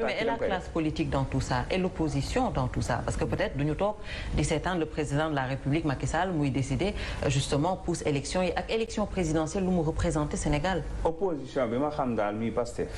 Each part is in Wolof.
mais la classe politique dans tout ça et l'opposition dans tout ça parce que peut-être duñu toog 17 ans le président de la République Macky Sall muy décidé euh, justement pousse élection Et et élection présidentielle nous représenter représenté Sénégal opposition Mais ma xam pas mi Pastef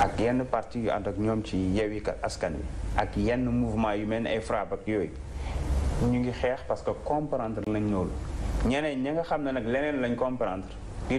ak yenn parti qui est en train de se Askan avec ak yenn mouvement yu qui est ay mouvement ak yooyu ñu ngi xeex parce que comprendre lañ loolu que nous nga xam Nous lañ comprendre di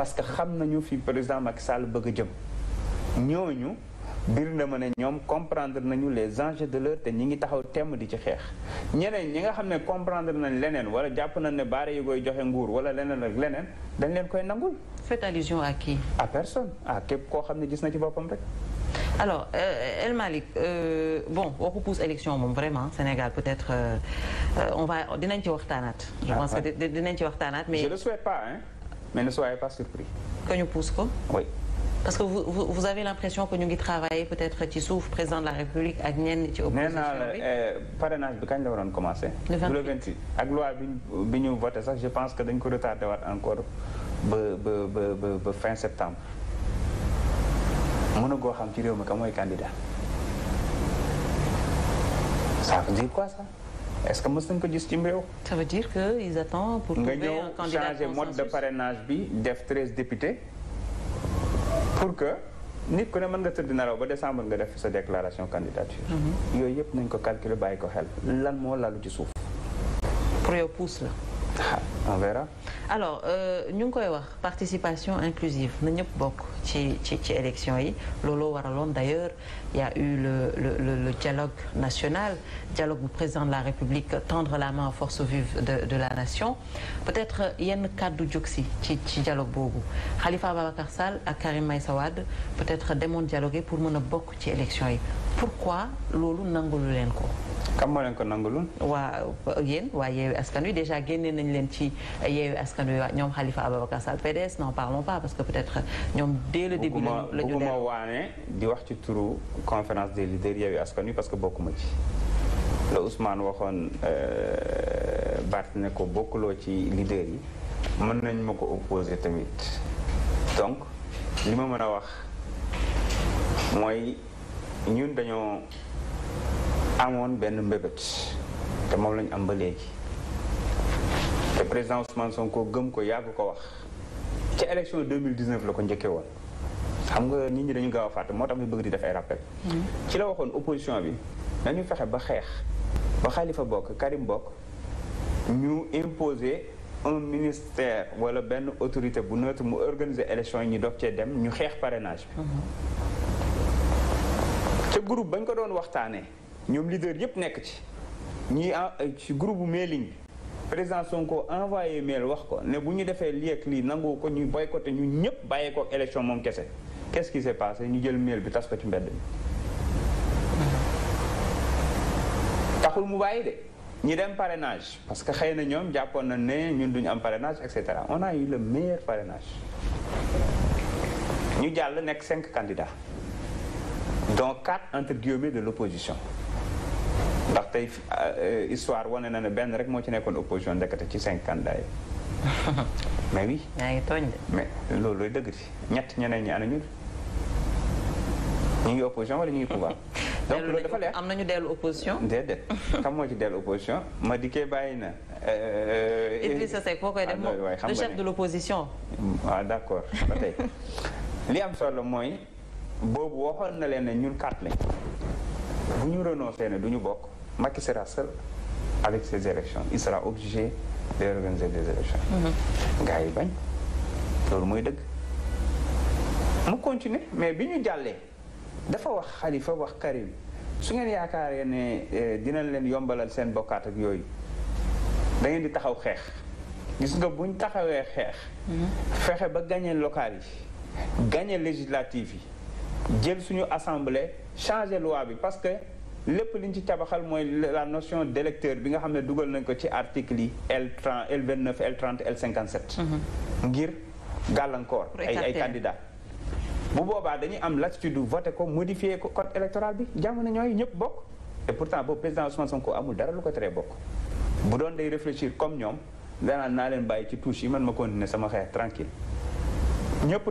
parce que xam nañu fi président Macky Sall bëgg jëm ñooñu biir na ma ne comprendre nañu les enjeux de l'heure té ñi ngi taxaw temm di ci xex ñeneen ñi nga xamné comprendre nañ lenen wala japp nañ né baré yi koy joxe nguur wala lenen ak lenen dañ leen koy nangul. faites allusion à qui. à personne à képp ko xamné gis na ci bopam rek. alors euh, El Malik, euh, bon on repousse élection moom vraiment Sénégal peut-être euh, euh, on va dinañ ci waxtaanaat. je ah, pense que dinañ ci waxtaanaat mais je le souhaite pas hein. Mais ne soyez pas surpris. Que nous poussons Oui. Parce que vous, avez l'impression que nous travaillons peut-être qui souffre président de la République à Non, non, non. parrainage de quand nous avons commencé Le 20. Le 28. Avec la loi ça, je pense que nous avons encore fin septembre. Nous avons un candidat. Ça veut dire quoi ça est-ce que mës nañ ko gis ci réew. ça veut dire pour. nga ñëw changer mode de parrainage bi def treize députés pour que nit ku ne mën nga tëdd naraw ba décembre nga def sa déclaration candidature. Mhm. yooyu yëpp nañ ko calculer bàyyi ko xel lan moo lalu ci suuf. pour yow pousse la. Ah, on verra. alors euh, nous avons participation inclusive Nous avons beaucoup ci ci élection d'ailleurs il y a eu le le le, le dialogue national dialogue président de la République tendre la main aux forces vives de de la nation peut-être qu'il y a un ci de dialogue Bogu. Khalifa Babakarsal Sall Karim Maïsawad, peut-être mondes dialogués pour mën a beaucoup élection yi pourquoi Lolo n'a pas kam moo leen ko nangulul. waa yéen waa yeewi askan wi déjà génne nañ leen ci yeewi askan wi waa ñoom Khalifa Ababacar Sall PDS n'en parlons pas parce que peut-être ñoom dès le début. la ñu la waane di wax ci turu conférence des leaders yeewi askan wi parce que bokkuma ci. la Ousmane waxoon euh, Bart ne ko bokkuloo ci leader yi mën nañ ma ko tamit donc li ma mën a wax mooy ñun dañoo. amoon benn mbébét te moom lañu am ba léegi te président Ousmane Sonko gëm ko yàgg ko wax ci élection 2019 la ko njëkkee woon xam nga nit ñi dañu gaaw a fàtte moo tax ñu bëgg di def ay ci la waxoon opposition bi nañu fexe ba xeex ba Khalifa bokk Karim bokk ñu imposer un ministère wala benn autorité bu neutre mu organiser élection yi ñu doog cee dem ñu xeex parenage bi mhm. ca groupe bañ ko doon waxtaanee ñoom leader yëpp nek ci ñi ah, ci groupe mailing président Sonko envoyé mail wax ko né buñu défé li ak li nangu ko ñu boycotter ñu ñëpp bayé ko élection mom kessé qu'est-ce qui s'est passé ñu jël mail bi tas ko ci mbedd taxul mu bayé dé ñi dem parrainage parce que xeyna na ñoom jàppoon na né ñun duñ am parrainage etc on a eu le meilleur parrainage ñu jall nek 5 candidats dont 4 entre guillemets de l'opposition ndax tey euh, histoire wane na ne benn rek moo ci nekkoon opposition ndekete ci cinq candidats yi mais oui. yaa ngi tooñ de. mais loolu looy dëgg ci ñett ñeneen ñi ana ñu ñu ngi opposition wala ñu ngi pouvoir. donc loolu dafa am na ñu dellu opposition. déedéet xam moo ci dellu opposition ma dikkee bàyyi na. Euh, Idrissa Seck foo koy def moom ah, le chef de l' opposition. ah d' accord ba tey li am solo mooy boobu waxoon na leen ne ñun carte lañ bu ñu renoncé ne du ñu bokk. Macky sera seul avec ses élections. Il sera obligé d'organiser des élections. Mhm. gars yi bañ loolu mooy dëgg. mu continuer mais bi ñu jàllee dafa wax Khalifa wax Karim su ngeen yaakaaree ne eh, dinañ leen yombalal seen bokkaat ak yooyu da ngeen di taxaw xeex gis nga buñ taxawee xeex. Mhm. fexe ba le local yi gagné législative yi jël suñu assemblée changer loi bi parce que lépp politique la notion d'électeur bi nga ne article L L 29 L 30 L 57. Mhm. ngir gàllankoor. ay ay candidats. bu dañuy am latitude du voté modifier ko code électoral bi et pourtant président Ousmane Sonko amul dara lu ko réfléchir comme ci touche yi man ma continuer sama tranquille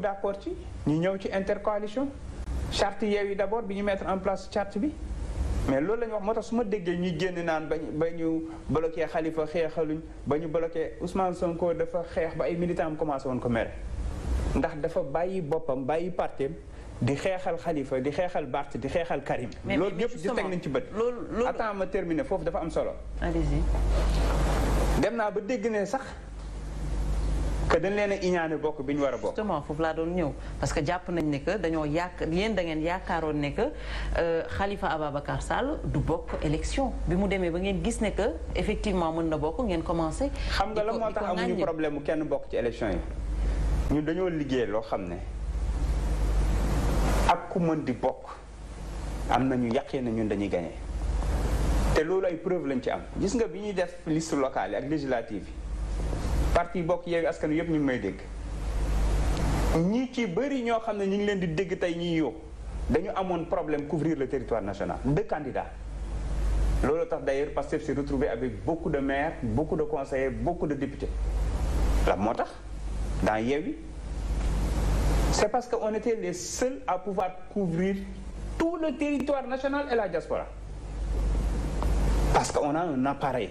d'accord ci ñu intercoalition charte yeew d'abord mettre en place charte mais loolu la ñu wax moo tax su ma déggee ñuy génn naan bañ ba ñu bloqué Khalifa xeexaluñ ba ñu bloqué Ousmane Sonko dafa xeex ba ay militants am commencé woon ko mere ndax dafa bàyyi boppam bàyyi parteem di xeexal Khalifa di xeexal Barth di xeexal Karim. loolu yëpp ci teg nañ ci bët. loolu loolu attends ma terminer foofu dafa am solo. allez-y. dem naa ba dégg ne sax. que dañ leen a iñaane bokk bi ñu war a bokk. justement foofu laa doon ñëw parce que jàpp nañ ne que dañoo yàq yéen da ngeen yaakaaroon ne que euh, Khalifa Ababacar Sall du bokk élection bi mu demee ba ngeen gis ne que effectivement mën na bokk ngeen commencé. xam nga la moo tax amuñu problème mu kenn bokk ci élection yi ñun dañoo liggéey loo xam ne ak ku mën di bokk am nañu yàqee na ñun dañuy gagné te loolu ay preuve lañ ci am gis nga bi ñuy def liste local yi ak législative yi. parti Bok, est askan yeb ñu may dégg Nous, ci Nous ño xamné ne ñu ngi leen di dégg tay problème couvrir le territoire national deux candidats lolu tax d'ailleurs Pastef s'est retrouvé avec beaucoup de maires beaucoup de conseillers beaucoup de députés la moto, dans Yewwi c'est parce qu'on était les seuls à pouvoir couvrir tout le territoire national et la diaspora parce qu'on a un appareil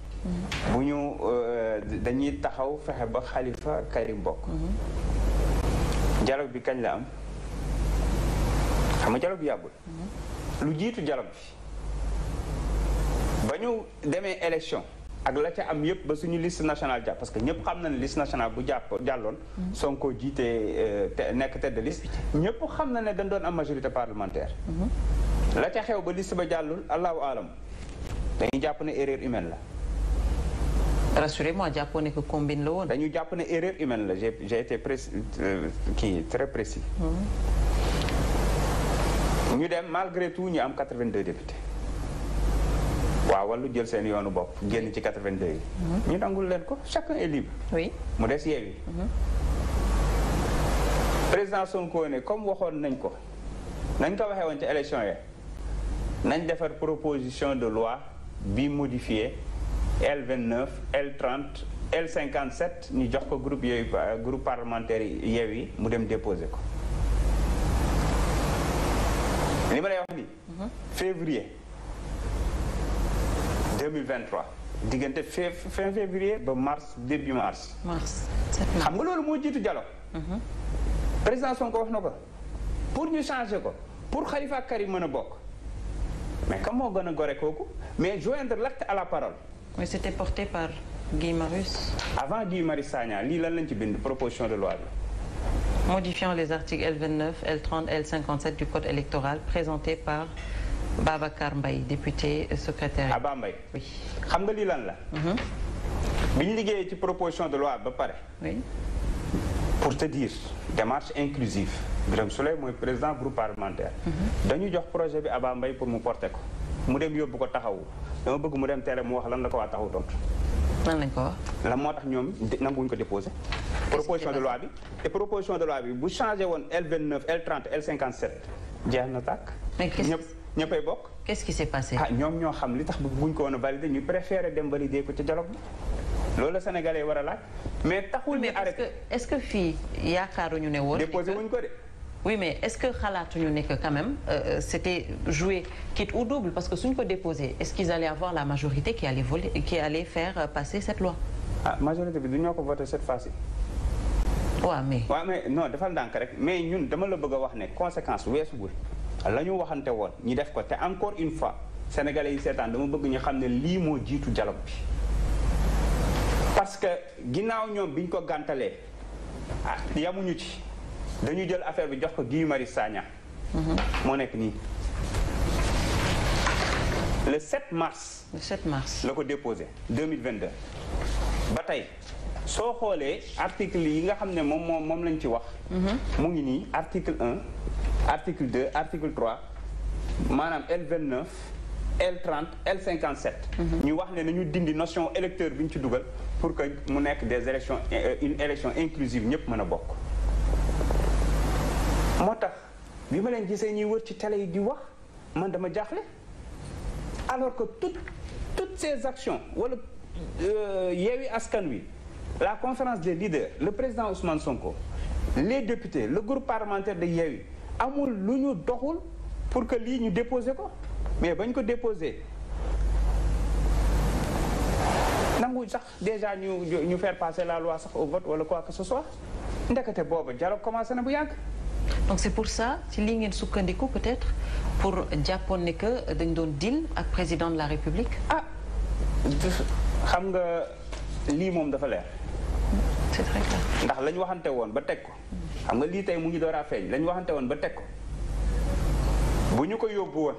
bu ñu euh, dañuy taxaw fexe ba Khalifa Karim bokk mhm. dialogue bi kañ la am xam nga dialogue bi yàggul mhm. lu jiitu dialogue bi ba ñu demee élection ak la ca am yëpp ba suñu liste national jàpp parce que ñëpp xam na ne liste nationale bu jàpp jàlloon mhm. Sonko jiitee euh, nekk tête de liste ñëpp xam na ne dañ doon am majorité parlementaire la ca xew ba liste ba jàllu allahu alam dañuy jàpp ne erreur humaine la Rassurez-moi, les que combine le Nous, dañu une erreur humaine j'ai été euh, très précis. Nous, mhm. dem malgré tout nous avons 82 députés. Nous avons jël députés. 82 députés. ñu chacun est libre. oui avons des Yewwi. Mhm. président Sonko comme vous nañ ko nous avons fait une ci Nous avons fait une proposition de loi bi modifiée. L29 L30 L57 nous jox ko groupe euh, parlementaire yewi mu dem mhm. février 2023 fin février mars début mars mars xam mhm. président pour ñu changer pour Khalifa Karim mais comment mais l'acte à la parole mais c'était porté par Guy Marus. Avant Guy Marus, il y lan une proposition de loi Modifiant les articles L29, L30, L57 du code électoral présenté par Baba Karmbay, député secrétaire. Abambaï, ah, Oui. xam nga lii lan la. Mhm. proposition de loi oui. pour te dire démarche inclusive Je Soleil, mon président groupe parlementaire. Mhm. dañu un projet bi Baba pour me porter ko mu dem yóbbu ko taxaw dama bëgg mu dem tere mu wax lan la ko wa taxaw tontu. lan lañ ko wax. lan moo tax ko déposé. proposition de loi bi et proposition de loi bi bu changer won L29 L30 L57 jeex na tàkk. ñëpp ñëppay qu'est-ce qui s'est passé. ah ñoom ñoo xam li tax buñ ko wona valider validé ñu préféré dem valider ko ci dialogue loolu sénégalais wara a laaj mais taxul ñu arrêté. est-ce que est-ce que fii ñu né woon. déposé wuñ ko de. Oui, mais est-ce que Khalat n'est que quand même, euh, euh, c'était joué quitte ou double Parce que si on peut déposer, est-ce qu'ils allaient avoir la majorité qui allait, voler, qui allait faire euh, passer cette loi La ah, majorité, nous pas voté cette fois-ci. Oui, mais... Oui, mais non, de faire correct. Mais nous, nous les que conséquence, oui, c'est encore une fois sénégalais yi dama bëgg parce que biñ dañu jël affaire bi jox Guy Sagna mhm. le 7 mars le 7 mars déposé 2022 Bataille. tey soo article yi nga xam ne lañ mhm. article 1 article 2 article 3 Madame L29 L30 L57 ñu wax ne nañu dindi notion électeur pour que mu nekk des élections euh, une élection inclusive moo bima len ma leen gisee wër ci télé yi di wax man dama jaxlé alors que toutes toutes ces actions wala euh, yewi askan wi la conférence des leaders le président Ousmane Sonko les députés le groupe parlementaire de yewi amul luñu doxul pour que li ñu déposer ko mais bañ ko déposer. nangu sax déjà ñu ñu faire passer la loi sax au vote wala quoi que ce soit ndekete boobu dialogue commencé na bu yàgg donc c'est pour ça ci lii ngeen coup, peut-être pour jàppoon que dañ un deal le président de la république. ah xam nga que moom dafa c'est très clair. ndax lañ waxanté won ba Je ko. xam nga li tay mu ngi door feñ lañ waxanté won ba teg ko buñu ko yobbu won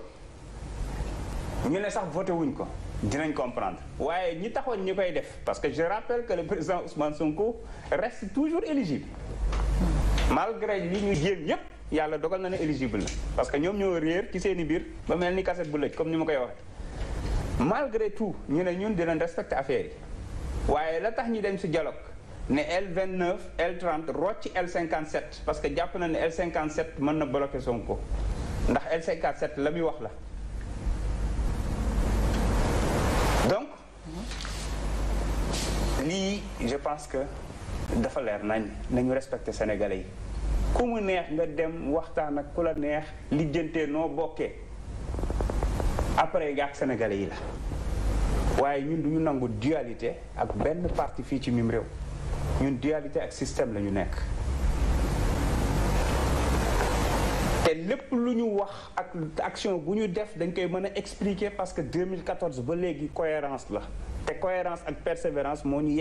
ñu ne sax voté wuñ ko dinañ comprendre waye ñi taxoon ñu koy def parce que je rappelle que le président Ousmane Sonko reste toujours éligible. malgré li ñu jéem yépp yàlla dogal na ne éligible na parce que ñoom ñoo réer ci seeni biir ba mel ni kaset bu lëj comme ni ma koy waxee malgré tout ñu ne ñun di dinañ respecté affaire yi waaye la tax ñu dem si dialogue ne L29 L30 rocc L57 parce que jàpp na ne L57 mën na bloqué Sonko ndax L57 la muy wax la donc lii je pense que dafa leer nañ nañu respecté sénégalais yi Comme neex nga dem ak neex après nga sénégalais yi la waaye ñun dualité ak benn parti ci mim ñun dualité système la nekk te lépp action expliquer parce que 2014 ba cohérence la cohérence cohérence ak persévérance moo ñu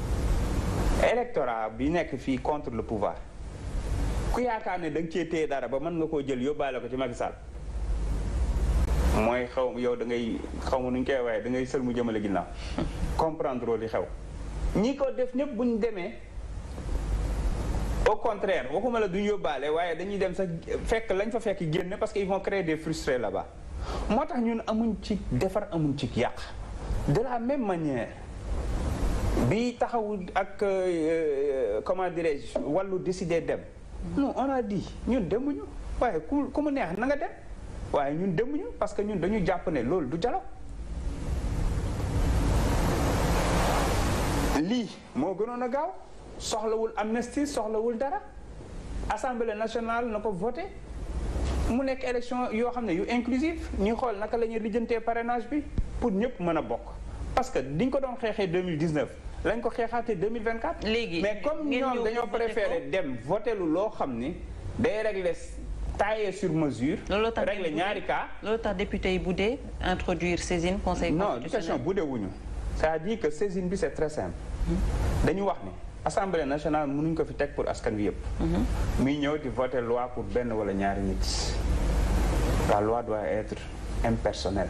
électorat bi nekk fii contre lu pouvoir ku yaakaar ne da nga cee téye dara ba mën nga koo jël yóbbaale ko ci magisal mooy xaw yow da ngay xaw ma nu ñu koy waaye da ngay sël mu jëmale ginnaaw comprendre li xew ñi ko def ñëpp bu ñu demee au contraire waxuma la duñ yóbbaale waaye dañuy dem sax fekk lañ fa fekk génn parce que ils vont créer des frustrés la ba moo tax ñun amuñ ci defar amuñ ci yàq de la même manière bi à ak euh, euh, comment dirais-je wàllu décider dem. non on a dit ñun demuñu waye ku neex na nga dem waye ñun demuñu parce que ñun dañu japp ne lool du dialogue. Li, moo gënoon a gaaw soxlawul amnistie soxlawul dara assemblée nationale na voter voté mu nekk élection yo xamné yu inclusive ñu xol naka la ñuy parrainage bi pour ñëpp mëna bokk parce que diñ ko doon 2019 lañ ko 2024. mais comme nous, dañoo préféré dem voter lu lo xamné day régler taillé sur mesure. régler ñaari cas. loolu député yi boudé, introduire saisine conseil constitutionnel. non question bu wuñu c'est-à-dire que saisine bi c'est très simple. dañu wax que assemblée nationale mënuñ ko fi tek pour askan wi yépp mhm. muy ñëw di voter loi pour ben wala ñaari nit. la loi doit être impersonnelle.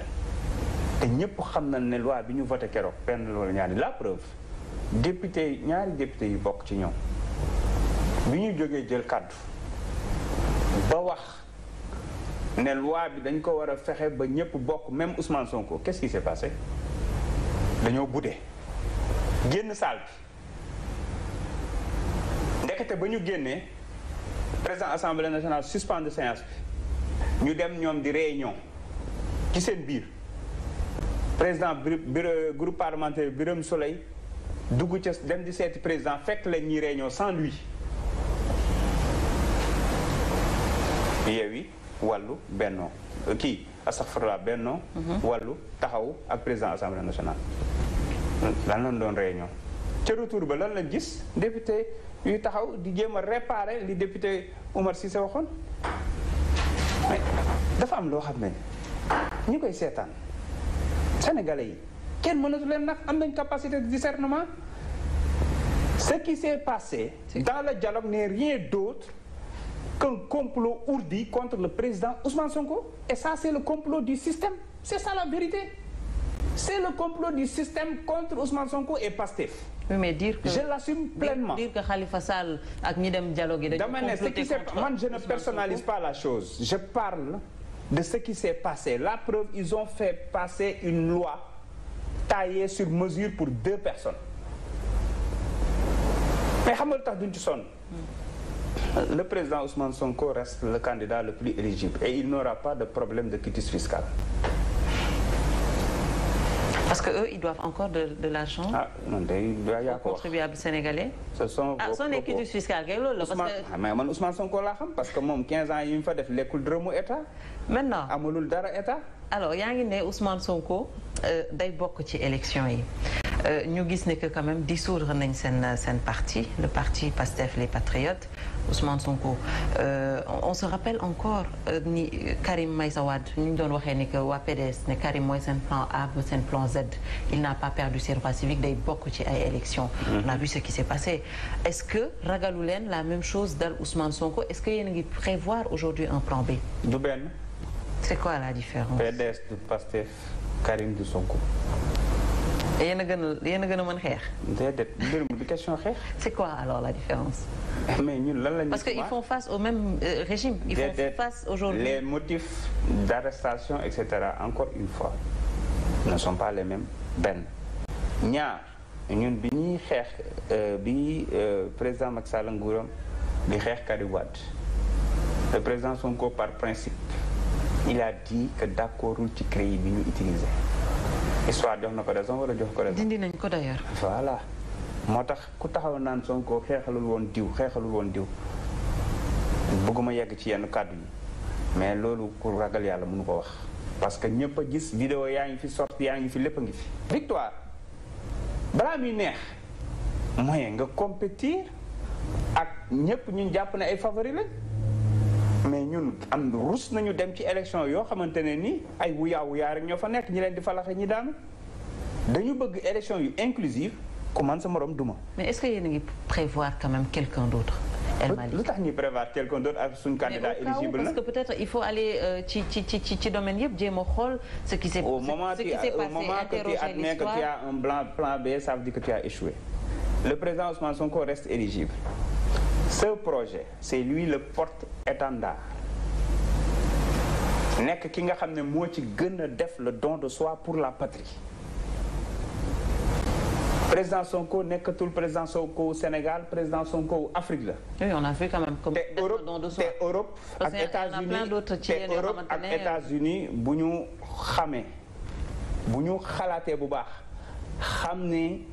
Nous ñëpp xam nañ né loi bi ñu voté wala ñaari la preuve député ñaari député yi bok ci ñoom biñu joggé jël kàddu ba wax né loi bi dañ ko wara fexé ba ñëpp bok même Ousmane Sonko qu'est-ce qui s'est passé dañoo boudé génn salle bi ndekete ba ñu génnee président assemblée nationale suspend de séance ñu dem ñoom di réunion ci seen biir président groupe parlementaire Birame Soleil. Dugu ca dem di seeti président fekk que les réunion sans lui Qui wàllu Benno euh, kii astaghfirullah Benno Tahaou, mhm. taxaw présent président l'Assemblée nationale lan nationale. réunion ca retour ba lan député yu taxaw di jéem a réparer li député Umar Cissé waxoon dafa am lo xam ne ñi sénégalais quel kenn mënatu leen nag am nañ capacité de discernement ce qui s'est passé dans le dialogue n'est rien d'autre qu'un complot ourdi contre le président Ousmane Sonko. Et ça, c'est le complot du système. C'est ça la vérité. C'est le complot du système contre Ousmane Sonko et Pastef. Je l'assume pleinement. je ne personnalise pas la chose. Je parle de ce qui s'est passé. La preuve, ils ont fait passer une loi taillée sur mesure pour deux personnes mais le président Ousmane Sonko reste le candidat le plus éligible et il n'aura pas de problème de fiscale. fiscal. Parce qu'eux, ils doivent encore de, l'argent ah, contribuables sénégalais. Ce sont ah, son équipe fiscale, parce que... Mais Ousmane Sonko l'a parce que 15 ans, il a fait l'école de l'État. Maintenant. Dara état. Alors, il y a Ousmane Sonko, euh, d'ailleurs, beaucoup d'élections. Nous euh, gis que quand même dissoudre nañ parti le parti PASTEF les Patriotes Ousmane Sonko euh, on se rappelle encore euh, ni Karim Maïsawad, Wade ñu dit que PDS Karim plan A plan Z il n'a pas perdu ses droits civiques day bokk ci élections. Mhm. on a vu ce qui s'est passé est-ce que ragaloulen la même chose dal Ousmane Sonko est-ce qu'il prévoit prévoir aujourd'hui un plan B. du c'est quoi la différence. PDS PASTEF Karim du Sonko c'est quoi alors la différence. parce qu'ils font face au même euh, régime. ils font face aujourd'hui les motifs d'arrestation etc., encore une fois ne sont pas les mêmes Ben, nous y a une président Macky Sall le président Sonko par principe il a dit que d'accord ci créé, bi ñu utilisé. histoire jox na ko raison wala jox ko raison. dindi nañ ko d'ailleurs. Ya? voilà moo tax ku taxaw naan Sonko xeexalul woon diw xeexalul woon diw bëgguma yegg ci yenn kàddu yi mais loolu ku ragal yàlla mënu ko wax parce que ñëpp a gis vidéo yaa ngi fi sorti yaa fi lépp ngi fi. victoire balaa muy neex mooy nga compétir ak ñëpp ñun jàpp ne ay favori lañ. mais ñun am rus nañu dem ci élection yo xamantene ne ni ay wuyaa wuyaa rek ñoo fa nekk ñi leen di falaxe ñi daan dañu bëgg élection yu inclusive comment man sa morom duma. mais est-ce que yéen a ngi prévoir quand même quelqu'un d'autre lu tax prévoir quelqu'un d'autre ak suñ candidat éligible parce que peut-être il faut aller euh, ci ci ci ci domaine yëpp jéem a ce qui s'est passé. au moment que tu admets que tu as un blanc plan B ça veut dire que tu as échoué le président Ousmane Sonko reste éligible ce projet c'est lui le porte-étendard Nek ki nga xamné ne ci gëna def le don de soi pour la patrie président Sonko le président Sonko Sénégal président Sonko Afrique là. oui on a fait quand même comme def le don de soi te Europe ak États-Unis États-Unis buñu xamé buñu xalaatee bu baax xamné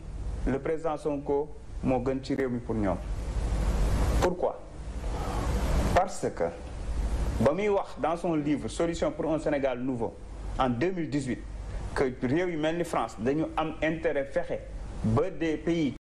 le président Sonko mo gën ci réew mi pour ñoom. Pourquoi Parce que Bami dans son livre Solution pour un Sénégal nouveau, en 2018, que Réunion France, nous avons intérêt à faire des pays